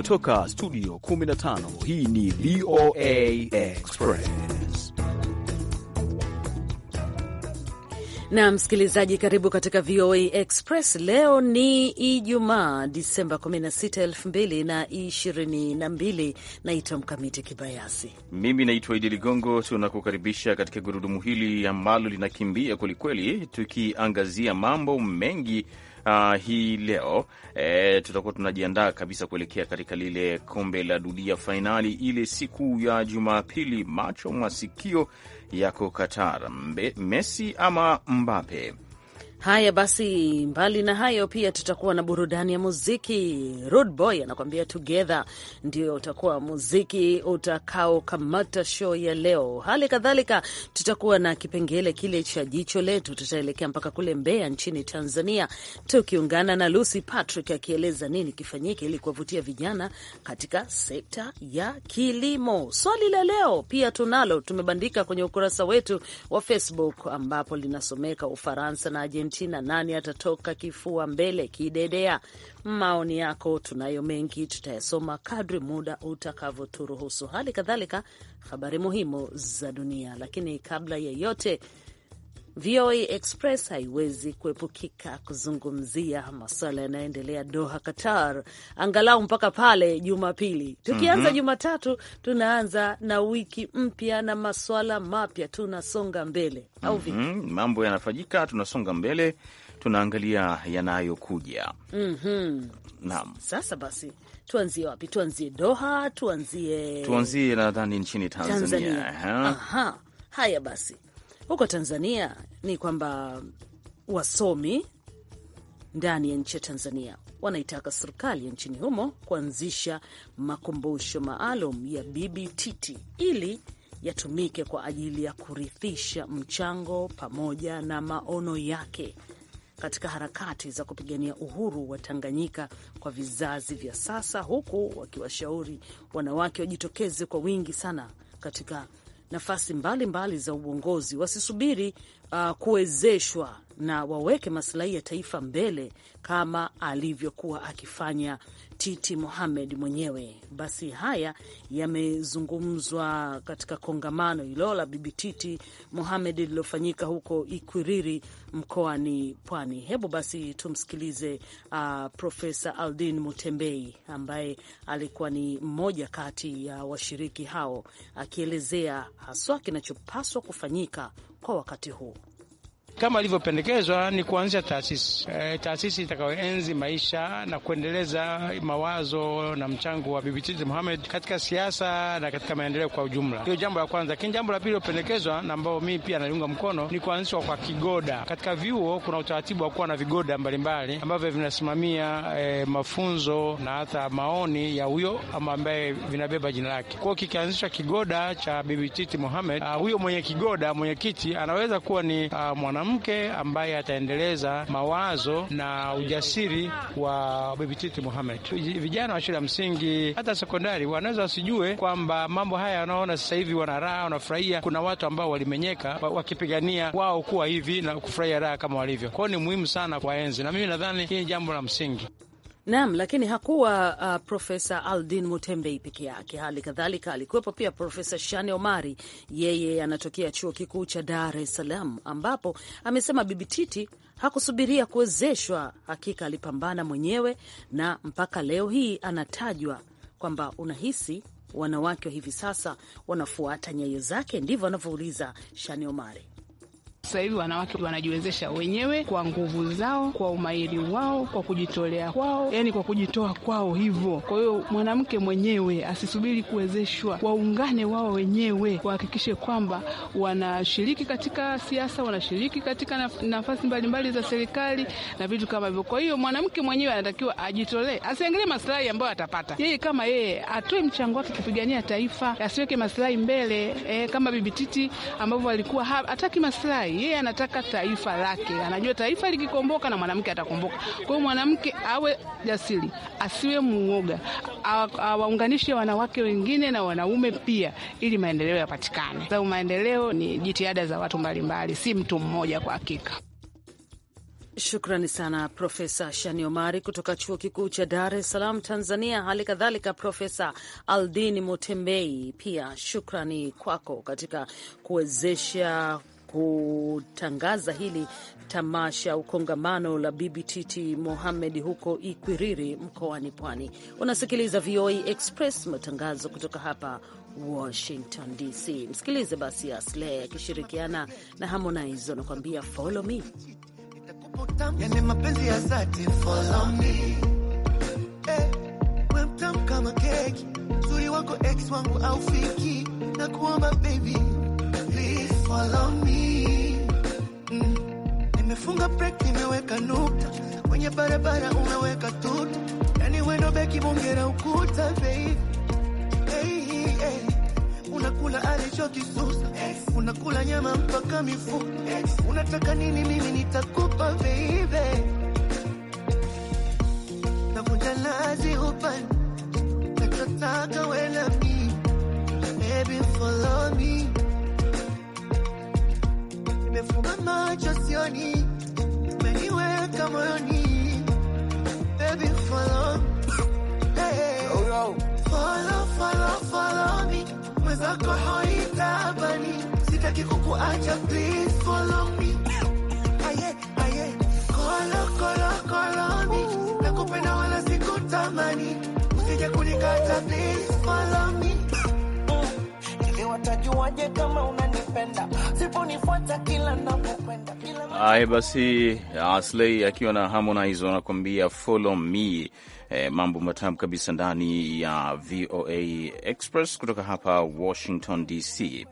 Kutoka studio 15 hii ni VOA Express. Na msikilizaji, karibu katika VOA Express. Leo ni Ijumaa, Disemba 16, 2022. Naitwa Mkamiti Kibayasi. Mimi naitwa Idi Ligongo. Tunakukaribisha katika gurudumu hili ambalo linakimbia kwelikweli, tukiangazia mambo mengi uh, hii leo e, tutakuwa tunajiandaa kabisa kuelekea katika lile kombe la dunia fainali ile siku ya Jumapili. Macho masikio yako Qatar, Messi ama Mbape? Haya basi, mbali na hayo pia tutakuwa na burudani ya muziki. Rude Boy anakuambia Together ndio utakuwa muziki utakaokamata show ya leo. Hali kadhalika tutakuwa na kipengele kile cha jicho letu, tutaelekea mpaka kule Mbeya nchini Tanzania, tukiungana na Lucy Patrick akieleza nini kifanyike ili kuwavutia vijana katika sekta ya kilimo. Swali la leo pia tunalo, tumebandika kwenye ukurasa wetu wa Facebook ambapo linasomeka Ufaransa na ajenda Argentina, nani atatoka kifua mbele kidedea? Maoni yako tunayo mengi, tutayasoma kadri muda utakavyoturuhusu, hali kadhalika habari muhimu za dunia. Lakini kabla ya yote VOA Express haiwezi kuepukika kuzungumzia masuala yanayoendelea Doha, Qatar, angalau mpaka pale Jumapili. Tukianza mm -hmm. Jumatatu tunaanza na wiki mpya na masuala mapya, tunasonga mbele au mhm. vipi? mm -hmm. Mambo yanafanyika, tunasonga mbele, tunaangalia yanayokuja. mm -hmm. Naam, sasa basi Tuanzie wapi? Tuanzie Doha? Tuanzie, tuanzie nadhani nchini Tanzania, Tanzania. Aha. Haya basi, huko Tanzania ni kwamba wasomi ndani ya nchi ya Tanzania wanaitaka serikali ya nchini humo kuanzisha makumbusho maalum ya Bibi Titi ili yatumike kwa ajili ya kurithisha mchango pamoja na maono yake katika harakati za kupigania uhuru wa Tanganyika kwa vizazi vya sasa, huku wakiwashauri wanawake wajitokeze kwa wingi sana katika nafasi mbalimbali za uongozi, wasisubiri uh, kuwezeshwa na waweke masilahi ya taifa mbele kama alivyokuwa akifanya Titi Mohamed mwenyewe. Basi haya yamezungumzwa katika kongamano hilo la Bibi Titi Mohamed lililofanyika huko Ikwiriri mkoani Pwani. Hebu basi tumsikilize uh, Profesa Aldin Mutembei ambaye alikuwa ni mmoja kati ya washiriki hao akielezea haswa kinachopaswa kufanyika kwa wakati huu kama ilivyopendekezwa ni kuanzisha taasisi e, taasisi itakayoenzi maisha na kuendeleza mawazo na mchango wa Bibi Titi Mohamed katika siasa na katika maendeleo kwa ujumla. Hiyo jambo la kwanza. Lakini jambo la pili lilopendekezwa na ambao mimi pia naliunga mkono ni kuanzishwa kwa kigoda. Katika vyuo kuna utaratibu wa kuwa na vigoda mbalimbali ambavyo vinasimamia e, mafunzo na hata maoni ya huyo ama ambaye vinabeba jina lake. Kwa hiyo kikianzishwa kigoda cha Bibi Titi Mohamed, ah, huyo mwenye kigoda mwenyekiti anaweza kuwa ni ah, mwanamke mwanamke ambaye ataendeleza mawazo na ujasiri wa Bibititi Muhamed. Vijana wa shule ya msingi hata sekondari wanaweza wasijue kwamba mambo haya wanaona sasa hivi wana raha, wanafurahia. Kuna watu ambao walimenyeka wakipigania wao kuwa hivi na kufurahia raha kama walivyo kwao. Ni muhimu sana waenzi na mimi nadhani hii ni jambo la msingi. Naam, lakini hakuwa uh, Profesa Aldin Mutembei peke yake. Hali kadhalika alikuwepo pia Profesa Shane Omari, yeye anatokea chuo kikuu cha Dar es Salaam, ambapo amesema Bibi Titi hakusubiria kuwezeshwa. Hakika alipambana mwenyewe na mpaka leo hii anatajwa kwamba unahisi wanawake wa hivi sasa wanafuata nyayo zake? Ndivyo anavyouliza Shane Omari. Sasa hivi wanawake wanajiwezesha wenyewe kwa nguvu zao, kwa umahiri wao, kwa kujitolea kwao, yani kwa kujitoa kwao hivyo. Kwa hiyo mwanamke mwenyewe asisubiri kuwezeshwa, waungane wao wenyewe, wahakikishe kwamba wanashiriki katika siasa, wanashiriki katika nafasi mbalimbali za serikali na vitu kama hivyo. Kwa hiyo mwanamke mwenyewe anatakiwa ajitolee, asiangalie masilahi ambayo atapata yeye, kama yeye atoe mchango wake kupigania taifa, asiweke masilahi mbele e, kama Bibi Titi ambavyo alikuwa hataki masilahi yeye yeah, anataka taifa lake, anajua taifa likikomboka na mwanamke atakomboka. Kwa hiyo mwanamke awe jasiri, asiwe muoga, awaunganishe wanawake wengine na wanaume pia, ili maendeleo yapatikane. Sababu maendeleo ni jitihada za watu mbalimbali, si mtu mmoja kwa hakika. Shukrani sana Profesa Shani Omari kutoka chuo kikuu cha Dar es Salaam, Tanzania. Hali kadhalika Profesa aldin Motembei, pia shukrani kwako katika kuwezesha kutangaza hili tamasha au kongamano la BBTT Mohamed huko Ikwiriri mkoani Pwani. Unasikiliza VOA Express, matangazo kutoka hapa Washington DC. Msikilize basi asle akishirikiana na Harmonize anakuambia follow me. Yani mapenzi ya follow me. Eh, we mtamu kama keki, uzuri wako ex wangu aufiki, na kuomba baby follow me mm. Nimefunga break, nimeweka nukta kwenye barabara, umeweka tuta, yani wendo beki bongera ukuta baby. Hey, hey. Unakula alichokisusa, unakula nyama mpaka mifupa, unataka nini? Mimi nitakupa baby, nakunja lazi upande, nachotaka wela mi baby, follow me nimefunga macho sioni, umeniweka moyoni baby follow, hey, follow, follow, follow me mwenzako haitabani, sitaki kukuacha please follow me aye aye kolo kolo kolo me nakupenda wala sikutamani, usije kunikata please follow me watajuaje kama unanipenda? Siponifuata kila napokwenda. Haya basi, Asley akiwa na Harmonize wanakuambia follow me. E, mambo matamu kabisa ndani ya VOA Express kutoka hapa Washington DC.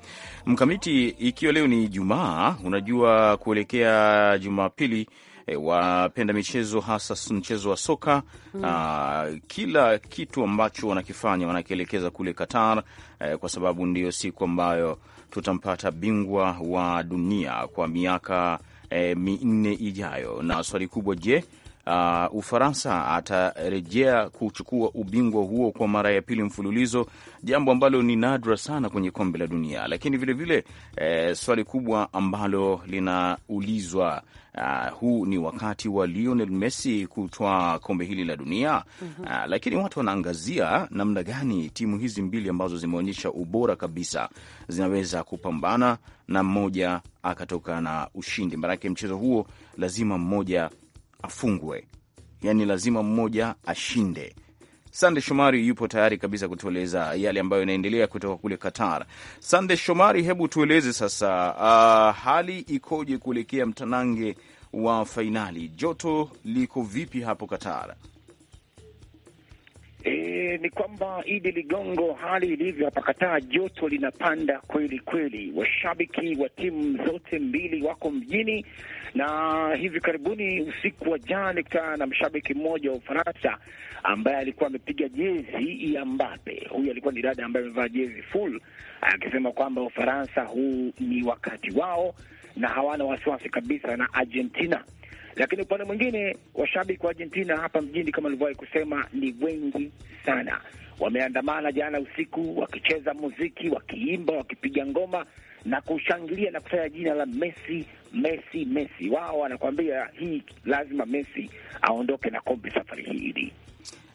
Mkamiti, ikiwa leo ni Jumaa, unajua kuelekea Jumapili e, wapenda michezo hasa mchezo wa soka mm. a, kila kitu ambacho wanakifanya wanakielekeza kule Qatar e, kwa sababu ndiyo siku ambayo tutampata bingwa wa dunia kwa miaka e, minne ijayo. Na swali kubwa, je, Uh, Ufaransa atarejea kuchukua ubingwa huo kwa mara ya pili mfululizo, jambo ambalo ni nadra sana kwenye kombe la dunia. Lakini vilevile vile, eh, swali kubwa ambalo linaulizwa uh, huu ni wakati wa Lionel Messi kutoa kombe hili la dunia mm -hmm. uh, lakini watu wanaangazia namna gani timu hizi mbili ambazo zimeonyesha ubora kabisa zinaweza kupambana na mmoja akatoka na ushindi. Maanake mchezo huo lazima mmoja afungwe, yani lazima mmoja ashinde Sande Shomari yupo tayari kabisa kutueleza yale ambayo yanaendelea kutoka kule Qatar. Sande Shomari, hebu tueleze sasa, uh, hali ikoje kuelekea mtanange wa fainali? Joto liko vipi hapo Qatar? ni kwamba Idi Ligongo, hali ilivyo hapa Kataa, joto linapanda kweli kweli. Washabiki wa timu zote mbili wako mjini, na hivi karibuni usiku wa jana na mshabiki mmoja wa Ufaransa ambaye alikuwa amepiga jezi ya Mbappe. Huyu alikuwa ni dada ambaye amevaa jezi full, akisema kwamba Ufaransa huu ni wakati wao na hawana wasiwasi kabisa na Argentina lakini upande mwingine, washabiki wa Argentina hapa mjini, kama nilivyowahi kusema, ni wengi sana. Wameandamana jana usiku, wakicheza muziki, wakiimba, wakipiga ngoma na kushangilia na kutaja jina la Messi, Messi, Messi. Wao wanakuambia hii, lazima Messi aondoke na kombe safari hii.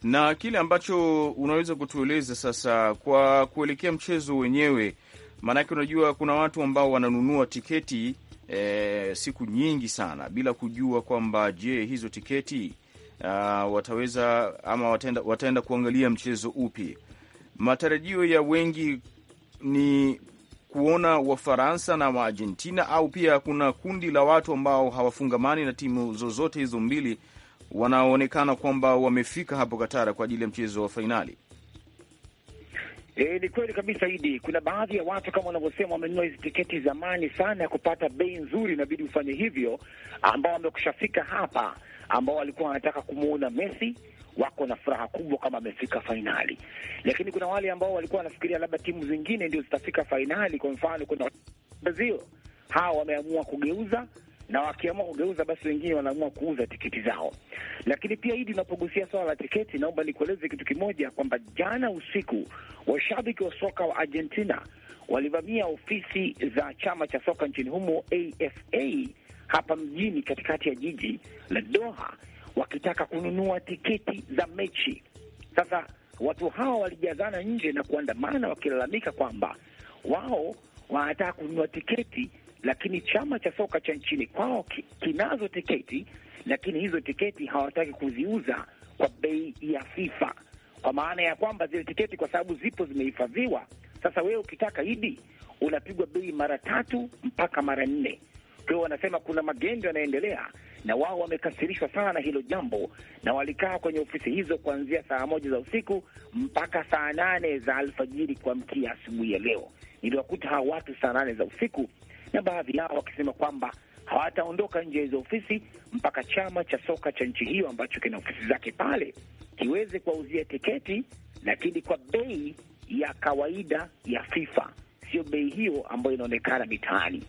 Na kile ambacho unaweza kutueleza sasa kwa kuelekea mchezo wenyewe, maanake unajua kuna watu ambao wananunua tiketi e, siku nyingi sana bila kujua kwamba je, hizo tiketi uh, wataweza ama wataenda, wataenda kuangalia mchezo upi. Matarajio ya wengi ni kuona Wafaransa na Waargentina au pia kuna kundi la watu ambao hawafungamani na timu zozote hizo mbili wanaoonekana kwamba wamefika hapo Katara kwa ajili ya mchezo wa fainali. E, ni kweli kabisa Idi, kuna baadhi ya watu kama wanavyosema wamenunua hizi tiketi zamani sana ya kupata bei nzuri, inabidi ufanye hivyo, ambao wamekushafika hapa, ambao walikuwa wanataka kumuona Messi wako na furaha kubwa kama amefika fainali, lakini kuna wale ambao walikuwa wanafikiria labda timu zingine ndio zitafika fainali. Kwa mfano, kuna Brazil, hawa wameamua kugeuza na wakiamua kugeuza, basi wengine wanaamua kuuza tiketi zao. Lakini pia hili, unapogusia swala la tiketi, naomba nikueleze kitu kimoja kwamba jana usiku washabiki wa soka wa Argentina walivamia ofisi za chama cha soka nchini humo AFA hapa mjini katikati ya jiji la Doha wakitaka kununua tiketi za mechi. Sasa watu hawa walijazana nje na kuandamana wakilalamika kwamba wao wanataka kununua tiketi lakini chama cha soka cha nchini kwao kinazo tiketi, lakini hizo tiketi hawataki kuziuza kwa bei ya FIFA, kwa maana ya kwamba zile tiketi kwa sababu zipo zimehifadhiwa. Sasa wewe ukitaka idi unapigwa bei mara tatu mpaka mara nne. Kwa hiyo wanasema kuna magendo yanaendelea, na wao wamekasirishwa sana na hilo jambo, na walikaa kwenye ofisi hizo kuanzia saa moja za usiku mpaka saa nane za alfajiri kuamkia asubuhi ya leo. Niliwakuta hawa watu saa nane za usiku na baadhi yao wakisema kwamba hawataondoka nje ya hizo ofisi mpaka chama cha soka cha nchi hiyo ambacho kina ofisi zake pale kiweze kuwauzia tiketi, lakini kwa bei ya kawaida ya FIFA, sio bei hiyo ambayo inaonekana mitaani.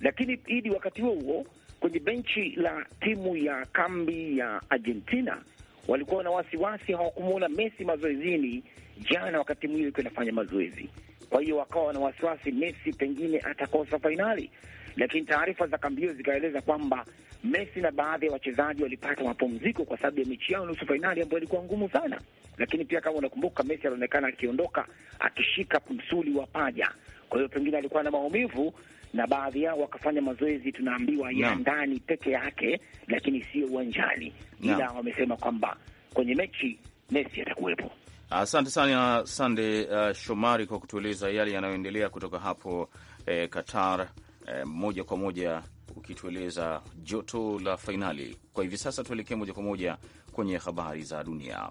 Lakini idi, wakati huo huo, kwenye benchi la timu ya kambi ya Argentina walikuwa na wasiwasi, hawakumwona Messi mazoezini jana, wakati timu hiyo ilikuwa inafanya mazoezi. Kwa hiyo wakawa na wasiwasi Messi pengine atakosa fainali, lakini taarifa za kambio zikaeleza kwamba Messi na baadhi ya wachezaji walipata mapumziko kwa sababu ya mechi yao nusu fainali ambayo ilikuwa ngumu sana. Lakini pia kama unakumbuka, Messi alionekana akiondoka akishika msuli wa paja, kwa hiyo pengine alikuwa na maumivu na baadhi yao wakafanya mazoezi tunaambiwa ya no. ndani peke yake, lakini sio uwanjani no. ila wamesema kwamba kwenye mechi Messi atakuwepo. Asante sana Sande uh, Shomari kwa kutueleza yale yanayoendelea kutoka hapo eh, Qatar eh, moja kwa moja ukitueleza joto la fainali kwa hivi sasa. Tuelekee moja kwa moja kwenye habari za dunia.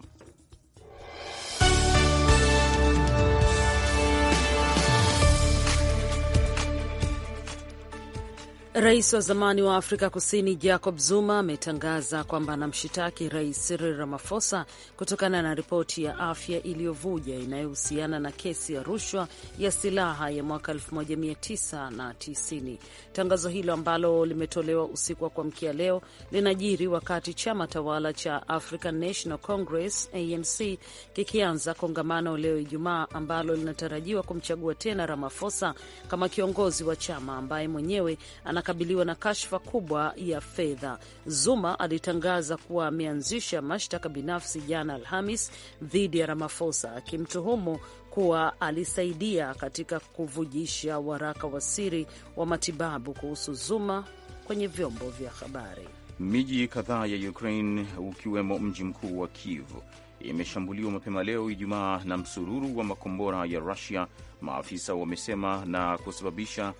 Rais wa zamani wa Afrika Kusini Jacob Zuma ametangaza kwamba anamshitaki Rais Cyril Ramaphosa kutokana na ripoti ya afya iliyovuja inayohusiana na kesi ya rushwa ya silaha ya mwaka 1990. Tangazo hilo ambalo limetolewa usiku wa kuamkia leo linajiri wakati chama tawala cha African National Congress ANC kikianza kongamano leo Ijumaa ambalo linatarajiwa kumchagua tena Ramaphosa kama kiongozi wa chama ambaye mwenyewe ana anakabiliwa na kashfa kubwa ya fedha. Zuma alitangaza kuwa ameanzisha mashtaka binafsi jana Alhamis dhidi ya ramafosa akimtuhumu kuwa alisaidia katika kuvujisha waraka wa siri wa matibabu kuhusu Zuma kwenye vyombo vya habari. Miji kadhaa ya Ukraine ukiwemo mji mkuu wa Kiev imeshambuliwa mapema leo Ijumaa na msururu wa makombora ya Rusia, maafisa wamesema, na kusababisha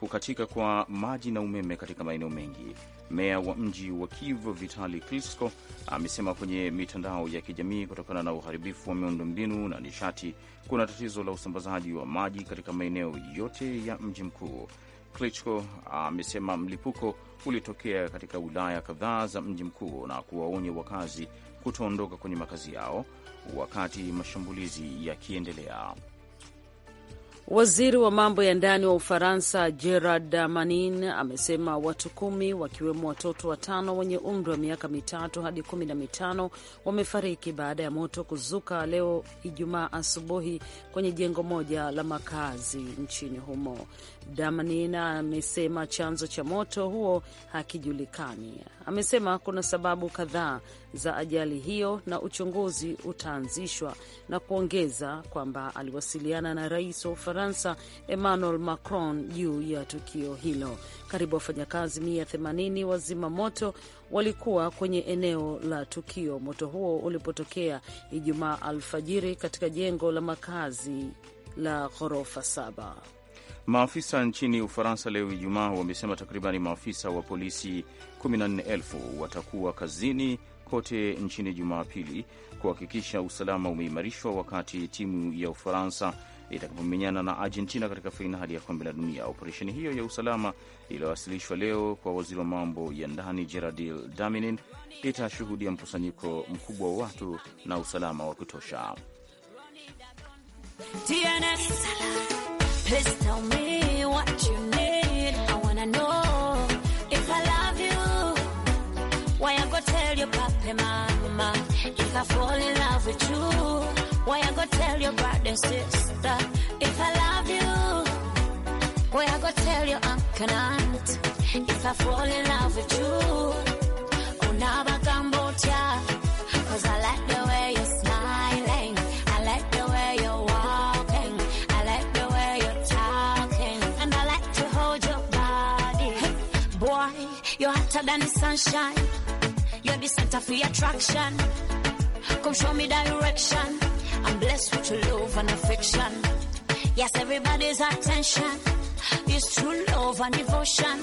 kukatika kwa maji na umeme katika maeneo mengi. Meya wa mji wa Kiev Vitali Klitschko amesema kwenye mitandao ya kijamii, kutokana na uharibifu wa miundombinu na nishati, kuna tatizo la usambazaji wa maji katika maeneo yote ya mji mkuu. Klitschko amesema mlipuko ulitokea katika wilaya kadhaa za mji mkuu na kuwaonya wakazi kutoondoka kwenye makazi yao wakati mashambulizi yakiendelea. Waziri wa mambo ya ndani wa Ufaransa Gerard Damanin amesema watu kumi wakiwemo watoto watano wenye umri wa miaka mitatu hadi kumi na mitano wamefariki baada ya moto kuzuka leo Ijumaa asubuhi kwenye jengo moja la makazi nchini humo. Damanin amesema chanzo cha moto huo hakijulikani amesema kuna sababu kadhaa za ajali hiyo na uchunguzi utaanzishwa, na kuongeza kwamba aliwasiliana na rais wa Ufaransa Emmanuel Macron juu ya tukio hilo. Karibu wafanyakazi 180 wa zimamoto walikuwa kwenye eneo la tukio moto huo ulipotokea Ijumaa alfajiri katika jengo la makazi la ghorofa saba. Maafisa nchini Ufaransa leo Ijumaa wamesema takribani maafisa wa polisi 14,000 watakuwa kazini kote nchini Jumapili kuhakikisha usalama umeimarishwa wakati timu ya Ufaransa itakapomenyana na Argentina katika fainali ya kombe la dunia. Operesheni hiyo ya usalama iliyowasilishwa leo kwa waziri wa mambo ya ndani Gerard Daminin itashuhudia mkusanyiko mkubwa wa watu na usalama wa kutosha. Please tell me what you need. I wanna know if I love you. Why I go tell your papa, mama? If I fall in love with you, why I go tell your brother sister? If I love you, why I go tell your uncle and aunt? If I fall in love with you, oh now. hotter than the sunshine. You're the center for attraction. Come show me direction. I'm blessed with your love and affection. Yes, everybody's attention. It's true love and devotion.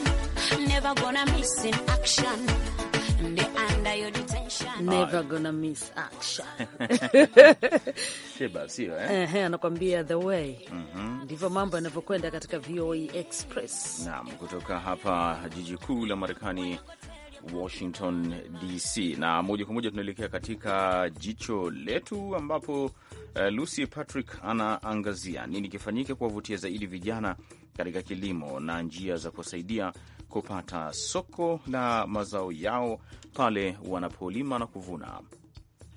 Never gonna miss in action. Never gonna miss action. Sheba sio eh? Ehe, anakuambia the way. Mhm. Ndivyo mambo yanavyokwenda katika VOA e Express. Naam, kutoka hapa jiji kuu la Marekani Washington DC, na moja kwa moja tunaelekea katika jicho letu, ambapo uh, Lucy Patrick anaangazia nini kifanyike kuwavutia zaidi vijana katika kilimo na njia za kuwasaidia kupata soko la mazao yao pale wanapolima na kuvuna.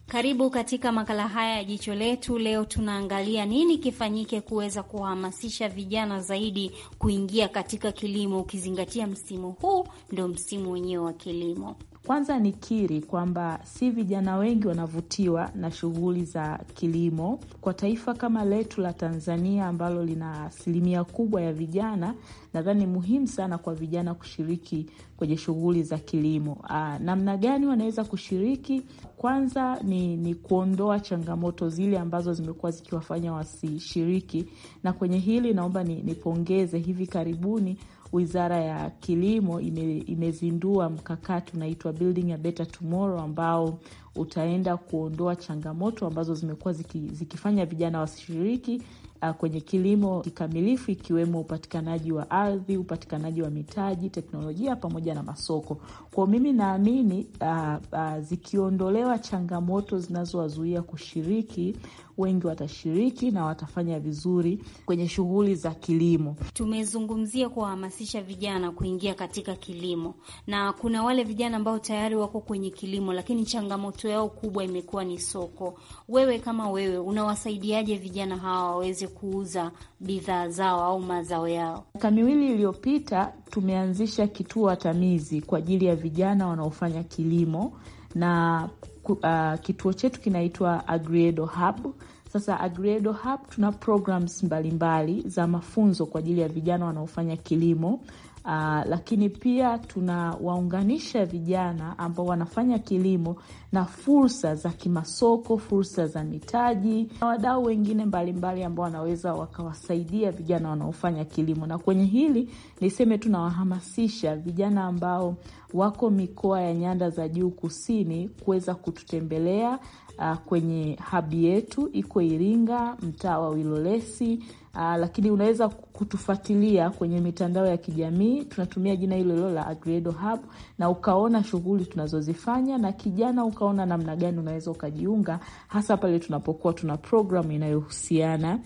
Karibu katika makala haya ya jicho letu. Leo tunaangalia nini kifanyike kuweza kuwahamasisha vijana zaidi kuingia katika kilimo, ukizingatia msimu huu ndio msimu wenyewe wa kilimo. Kwanza nikiri kwamba si vijana wengi wanavutiwa na shughuli za kilimo. Kwa taifa kama letu la Tanzania ambalo lina asilimia kubwa ya vijana, nadhani muhimu sana kwa vijana kushiriki kwenye shughuli za kilimo. Aa, ah, namna gani wanaweza kushiriki? Kwanza ni, ni kuondoa changamoto zile ambazo zimekuwa zikiwafanya wasishiriki, na kwenye hili naomba nipongeze ni hivi karibuni wizara ya kilimo ime, imezindua mkakati unaitwa Building a Better Tomorrow ambao utaenda kuondoa changamoto ambazo zimekuwa ziki, zikifanya vijana wasishiriki Ah, kwenye kilimo kikamilifu, ikiwemo upatikanaji wa ardhi, upatikanaji wa mitaji, teknolojia pamoja na masoko. Kwa mimi naamini ah, ah, zikiondolewa changamoto zinazowazuia kushiriki, wengi watashiriki na watafanya vizuri kwenye shughuli za kilimo. Tumezungumzia kuwahamasisha vijana kuingia katika kilimo, na kuna wale vijana ambao tayari wako kwenye kilimo, lakini changamoto yao kubwa imekuwa ni soko. Wewe kama wewe, unawasaidiaje vijana hawa waweze kuuza bidhaa zao au mazao yao. Miaka miwili iliyopita tumeanzisha kituo atamizi kwa ajili ya vijana wanaofanya kilimo na uh, kituo chetu kinaitwa Agriedo Hub. Sasa Agriedo Hub tuna programs mbalimbali mbali za mafunzo kwa ajili ya vijana wanaofanya kilimo Aa, ah, lakini pia tunawaunganisha vijana ambao wanafanya kilimo na fursa za kimasoko, fursa za mitaji na wadau wengine mbalimbali ambao wanaweza wakawasaidia vijana wanaofanya kilimo. Na kwenye hili niseme, tunawahamasisha vijana ambao wako mikoa ya nyanda za juu kusini kuweza kututembelea. Uh, kwenye habi yetu iko Iringa, mtaa wa Wilolesi Aa, ah, lakini unaweza kutufuatilia kwenye mitandao ya kijamii, tunatumia jina hilo hilo la Agredo Hub, na ukaona shughuli tunazozifanya na kijana, ukaona namna gani unaweza ukajiunga, hasa pale tunapokuwa tuna programu inayohusiana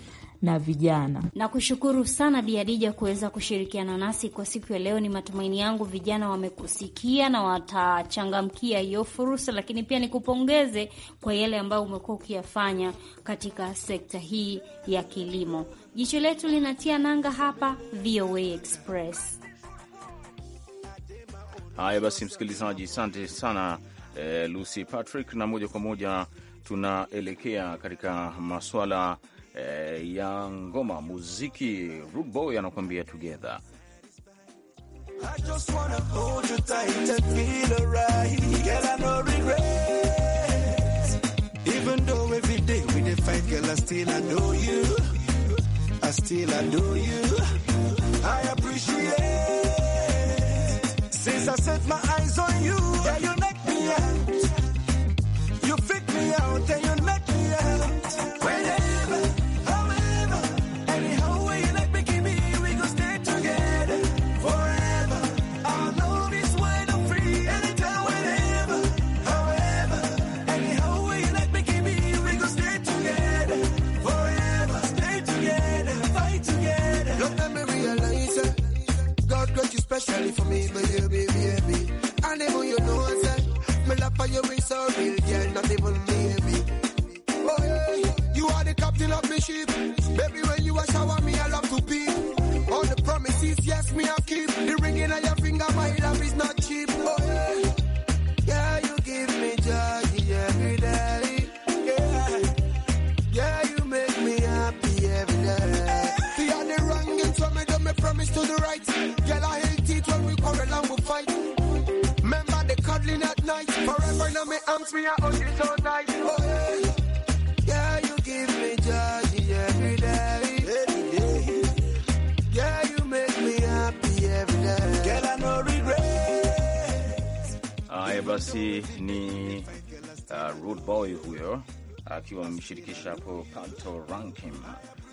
na vijana. Nakushukuru sana Biadija kuweza kushirikiana nasi kwa siku ya leo. Ni matumaini yangu vijana wamekusikia na watachangamkia hiyo fursa, lakini pia nikupongeze kwa yale ambayo umekuwa ukiyafanya katika sekta hii ya kilimo. Jicho letu linatia nanga hapa VOA Express. Haya basi, msikilizaji, asante sana eh, Lucy Patrick, na moja kwa moja tunaelekea katika maswala eh, ya ngoma, muziki. Rude Boy anakuambia together I I still adore you. I appreciate since I set my eyes on you. Yeah, you knock me out. You me out, and you for me, baby, baby. And even you know, I said, me love for you is so caress me, I oh, she's so nice. Oh, yeah. yeah, you give me joy every day. Every day. Yeah, you make me happy every day. Girl, I no regret. Haya ah, basi ni uh, Rude Boy huyo akiwa ameshirikisha hapo Pato Ranking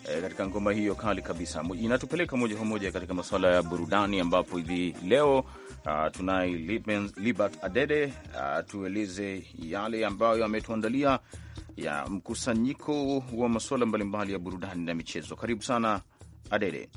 e, katika ngoma hiyo kali kabisa. Inatupeleka moja kwa moja katika masuala ya burudani, ambapo hivi leo uh, tunaye Libert Adede uh, tueleze yale ambayo ametuandalia ya mkusanyiko wa masuala mbalimbali ya burudani na michezo. Karibu sana Adede.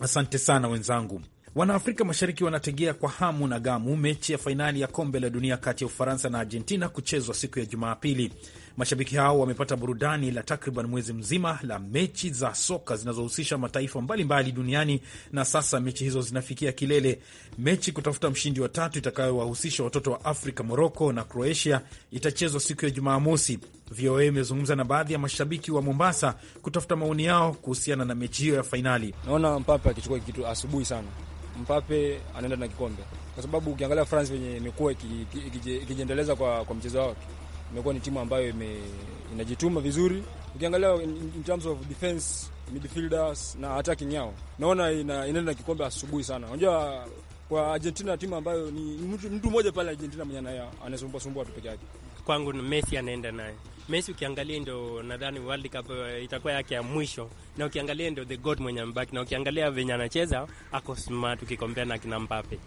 Asante sana wenzangu. Wanaafrika Mashariki wanategea kwa hamu na gamu mechi ya fainali ya kombe la dunia kati ya Ufaransa na Argentina kuchezwa siku ya Jumapili. Mashabiki hao wamepata burudani la takriban mwezi mzima la mechi za soka zinazohusisha mataifa mbalimbali mbali duniani, na sasa mechi hizo zinafikia kilele. Mechi kutafuta mshindi wa tatu itakayowahusisha watoto wa Afrika, Moroko na Croatia, itachezwa siku ya Jumamosi. VOA imezungumza na baadhi ya mashabiki wa Mombasa kutafuta maoni yao kuhusiana na mechi hiyo ya fainali. Naona Mpape akichukua kitu asubuhi sana. Mpape anaenda na kikombe, kwa sababu ukiangalia France venye imekuwa ikijiendeleza kwa, kwa mchezo wake imekuwa ni timu ambayo ime, inajituma vizuri. Ukiangalia in terms of defense, midfielders na attacking yao, naona inaenda ina, ina kikombe asubuhi sana. Unajua kwa Argentina timu ambayo ni mtu mmoja pale Argentina mwenye naye anasumbua sumbua tu peke yake. Kwangu Messi anaenda naye. Messi ukiangalia ndo nadhani World Cup eh, itakuwa yake ya mwisho, na ukiangalia ndo the god mwenye mbaki, na ukiangalia venye anacheza ako smart ukikombea na kina Mbappe.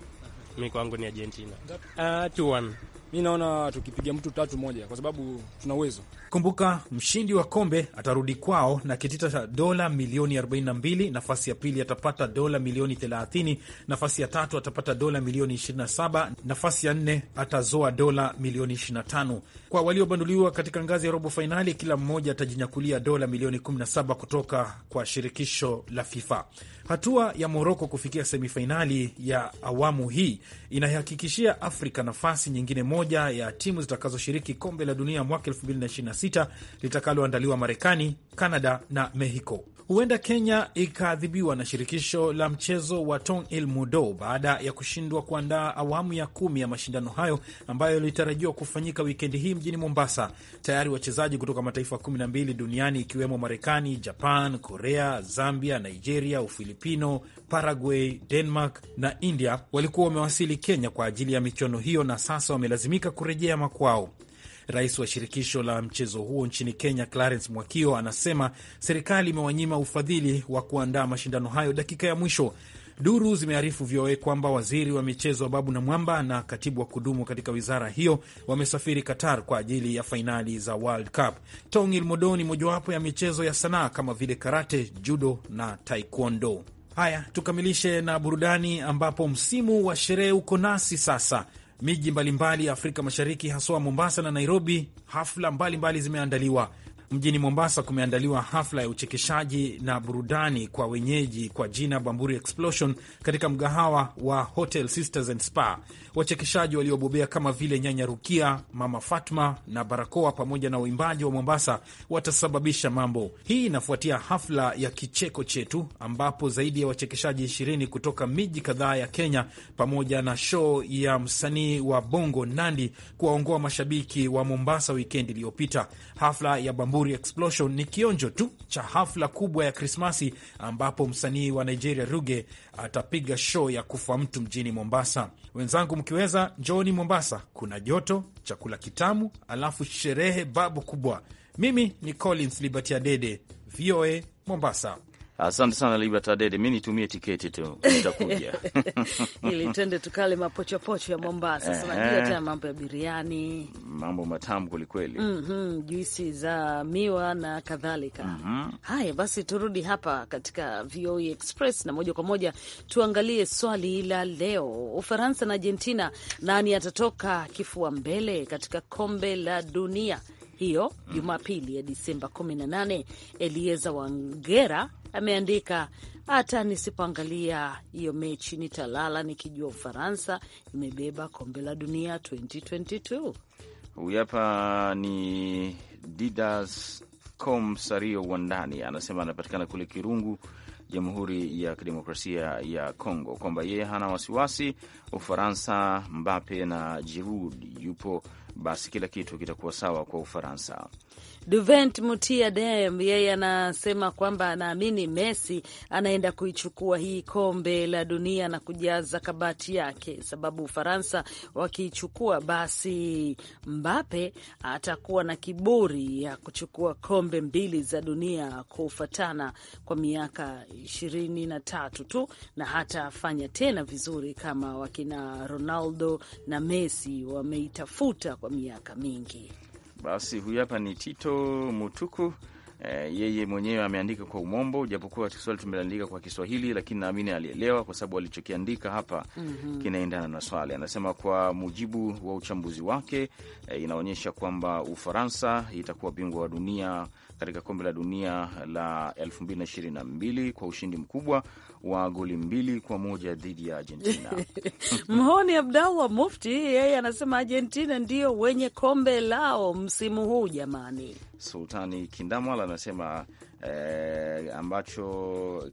Mi kwangu ni Argentina. Uh, ah, 2-1 mi naona tukipiga mtu tatu moja, kwa sababu tuna uwezo. Kumbuka mshindi wa kombe atarudi kwao na kitita cha dola milioni 42. Nafasi ya pili atapata dola milioni 30, nafasi ya tatu atapata dola milioni 27, nafasi ya nne atazoa dola milioni 25. Kwa waliobanduliwa katika ngazi ya robo fainali, kila mmoja atajinyakulia dola milioni 17 kutoka kwa shirikisho la FIFA. Hatua ya Moroko kufikia semifainali ya awamu hii inahakikishia Afrika nafasi nyingine moja moja ya timu zitakazoshiriki kombe la dunia mwaka 2026 litakaloandaliwa Marekani, Kanada na Mexico huenda Kenya ikaadhibiwa na shirikisho la mchezo wa Tong Il Mudo baada ya kushindwa kuandaa awamu ya kumi ya mashindano hayo ambayo yalitarajiwa kufanyika wikendi hii mjini Mombasa. Tayari wachezaji kutoka mataifa 12 duniani ikiwemo Marekani, Japan, Korea, Zambia, Nigeria, Ufilipino, Paraguay, Denmark na India walikuwa wamewasili Kenya kwa ajili ya michuano hiyo na sasa wamelazimika kurejea makwao. Rais wa shirikisho la mchezo huo nchini Kenya, Clarence Mwakio, anasema serikali imewanyima ufadhili wa kuandaa mashindano hayo dakika ya mwisho. Duru zimearifu VOA kwamba waziri wa michezo Babu na Mwamba na katibu wa kudumu katika wizara hiyo wamesafiri Qatar kwa ajili ya fainali za World Cup. Tongil Modo ni mojawapo ya michezo ya sanaa kama vile karate, judo na taekwondo. Haya, tukamilishe na burudani, ambapo msimu wa sherehe uko nasi sasa miji mbalimbali ya Afrika Mashariki, haswa Mombasa na Nairobi, hafla mbalimbali mbali zimeandaliwa Mjini Mombasa kumeandaliwa hafla ya uchekeshaji na burudani kwa wenyeji kwa jina Bamburi Explosion katika mgahawa wa Hotel Sisters and Spa. Wachekeshaji waliobobea kama vile Nyanya Rukia, Mama Fatma na Barakoa pamoja na waimbaji wa Mombasa watasababisha mambo. Hii inafuatia hafla ya Kicheko Chetu ambapo zaidi ya wachekeshaji ishirini kutoka miji kadhaa ya Kenya pamoja na show ya msanii wa Bongo Nandi kuwaongoa mashabiki wa Mombasa wikendi iliyopita. Hafla ya Bamburi Kaburi Explosion ni kionjo tu cha hafla kubwa ya Krismasi ambapo msanii wa Nigeria Ruge atapiga show ya kufa mtu mjini Mombasa. Wenzangu, mkiweza njooni Mombasa, kuna joto, chakula kitamu, alafu sherehe babu kubwa. Mimi ni Collins Liberty Adede, VOA Mombasa. Asante sana Libertadede, mi nitumie tiketi tu nitakuja ili twende tukale mapochopocho ya Mombasa. Sasa najua tena mambo ya biriani, mambo matamu kwelikweli, mm -hmm, juisi za miwa na kadhalika. mm -hmm. Haya basi, turudi hapa katika VOA e Express na moja kwa moja tuangalie swali la leo. Ufaransa na Argentina, nani atatoka kifua mbele katika kombe la dunia hiyo mm. Jumapili ya Disemba 18? Elieza Wangera ameandika hata nisipoangalia hiyo mechi nitalala nikijua Ufaransa imebeba kombe la dunia 2022. Huyu hapa ni Didas com sario Wandani, anasema anapatikana kule Kirungu, Jamhuri ya Kidemokrasia ya Kongo, kwamba yeye hana wasiwasi. Ufaransa, Mbape na Giroud yupo, basi kila kitu kitakuwa sawa kwa Ufaransa. Duvent Mutia Dem yeye anasema kwamba anaamini Messi anaenda kuichukua hii kombe la dunia na kujaza kabati yake, sababu Ufaransa wakiichukua basi Mbape atakuwa na kiburi ya kuchukua kombe mbili za dunia kufuatana kwa miaka ishirini na tatu tu, na hata afanya tena vizuri kama wakina Ronaldo na Messi wameitafuta kwa miaka mingi. Basi huyu hapa ni Tito Mutuku. Uh, yeye mwenyewe ameandika kwa umombo, japokuwa swali tumeliandika kwa Kiswahili, lakini naamini alielewa kwa sababu alichokiandika hapa mm -hmm. kinaendana na swali. Anasema kwa mujibu wa uchambuzi wake, uh, inaonyesha kwamba Ufaransa itakuwa bingwa wa dunia katika kombe la dunia la 2022 kwa ushindi mkubwa wa goli mbili kwa moja dhidi ya Argentina. Mhoni Abdallah Mufti yeye anasema Argentina ndio wenye kombe lao msimu huu jamani. Sultani Kindamwala anasema eh, ambacho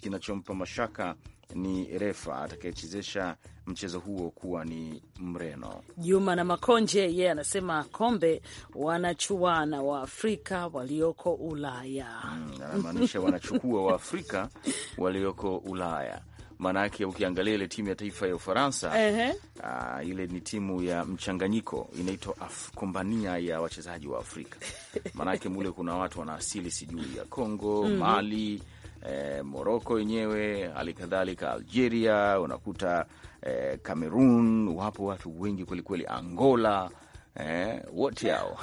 kinachompa kina mashaka ni refa atakayechezesha mchezo huo kuwa ni mreno. Juma na Makonje yeye yeah, anasema kombe wanachuana Waafrika walioko Ulaya, mm, anamaanisha wanachukua Waafrika walioko Ulaya maanake ukiangalia ile timu ya taifa ya Ufaransa uh -huh. uh, ile ni timu ya mchanganyiko inaitwa kombania ya wachezaji wa Afrika maanake mule kuna watu wana asili sijui ya Congo mm -hmm. Mali eh, Moroko yenyewe hali kadhalika Algeria, unakuta eh, Cameroon wapo watu wengi kwelikweli, Angola eh, wote hao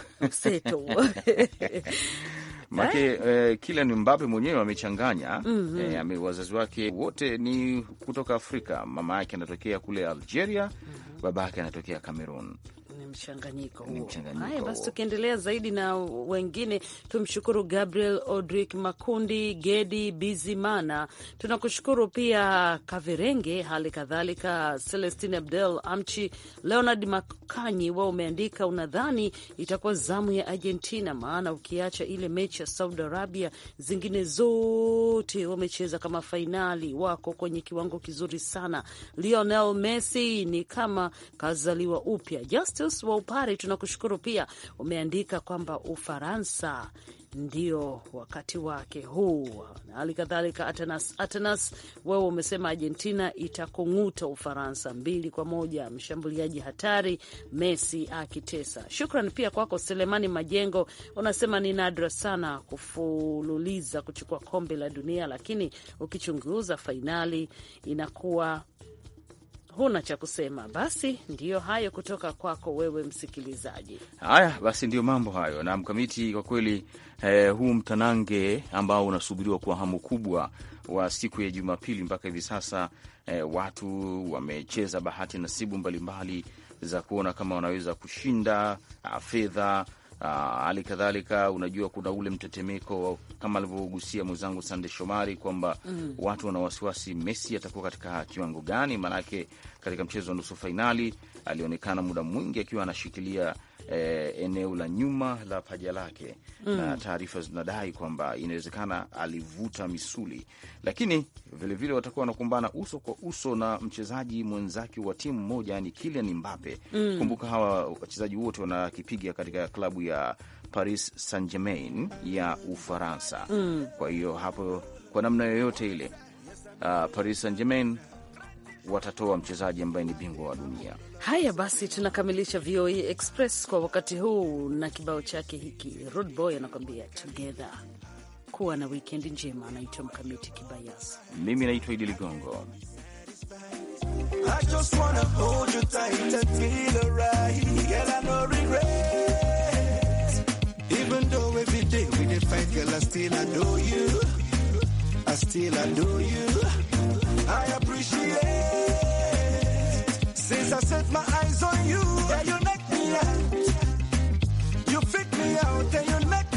make eh, kila ni Mbape mwenyewe amechanganya mm -hmm. Eh, ame wazazi wake wote ni kutoka Afrika. Mama yake anatokea kule Algeria, mm -hmm. baba yake anatokea Cameroon ni mchanganyiko huo. Haya basi, tukiendelea zaidi na wengine, tumshukuru Gabriel Odrik Makundi, Gedi Bizimana, tunakushukuru pia Kaverenge, hali kadhalika Celestin Abdel Amchi, Leonard Makanyi wa umeandika, unadhani itakuwa zamu ya Argentina? Maana ukiacha ile mechi ya Saudi Arabia, zingine zote wamecheza kama fainali, wako kwenye kiwango kizuri sana. Lionel Messi ni kama kazaliwa upya. Justus Julius wa Upare, tunakushukuru pia. Umeandika kwamba Ufaransa ndio wakati wake huu. Hali kadhalika Atanas, Atanas wewe umesema Argentina itakung'uta Ufaransa mbili kwa moja, mshambuliaji hatari Messi akitesa. Shukran pia kwako Selemani Majengo, unasema ni nadra sana kufululiza kuchukua kombe la dunia, lakini ukichunguza fainali inakuwa huna cha kusema, basi ndiyo hayo kutoka kwako wewe msikilizaji. Haya basi, ndiyo mambo hayo na mkamiti kwa kweli eh, huu mtanange ambao unasubiriwa kwa hamu kubwa wa siku ya Jumapili mpaka hivi sasa eh, watu wamecheza bahati nasibu mbalimbali za kuona kama wanaweza kushinda eh, fedha Ah, hali kadhalika, unajua kuna ule mtetemeko kama alivyogusia mwenzangu Sande Shomari kwamba mm. watu wana wasiwasi Messi atakuwa katika kiwango gani, maanake katika mchezo wa nusu fainali alionekana muda mwingi akiwa anashikilia eh, eneo la nyuma la paja lake mm. na taarifa zinadai kwamba inawezekana alivuta misuli, lakini vilevile watakuwa wanakumbana uso kwa uso na mchezaji mwenzake wa timu moja, yani Kylian Mbappe mm. Kumbuka hawa wachezaji wote wanakipiga katika klabu ya Paris Saint-Germain ya Ufaransa mm. Kwa hiyo hapo, kwa namna yoyote ile, uh, Paris Saint-Germain watatoa mchezaji ambaye ni bingwa wa dunia. Haya basi, tunakamilisha VOA e Express kwa wakati huu na kibao chake hiki. Rude Boy anakuambia together. Kuwa na wikendi njema. Anaitwa Mkamiti Kibayasi, mimi naitwa Idi Ligongo. I still adore you. I appreciate. Since I set my eyes on you, yeah, you knock me out. You me out you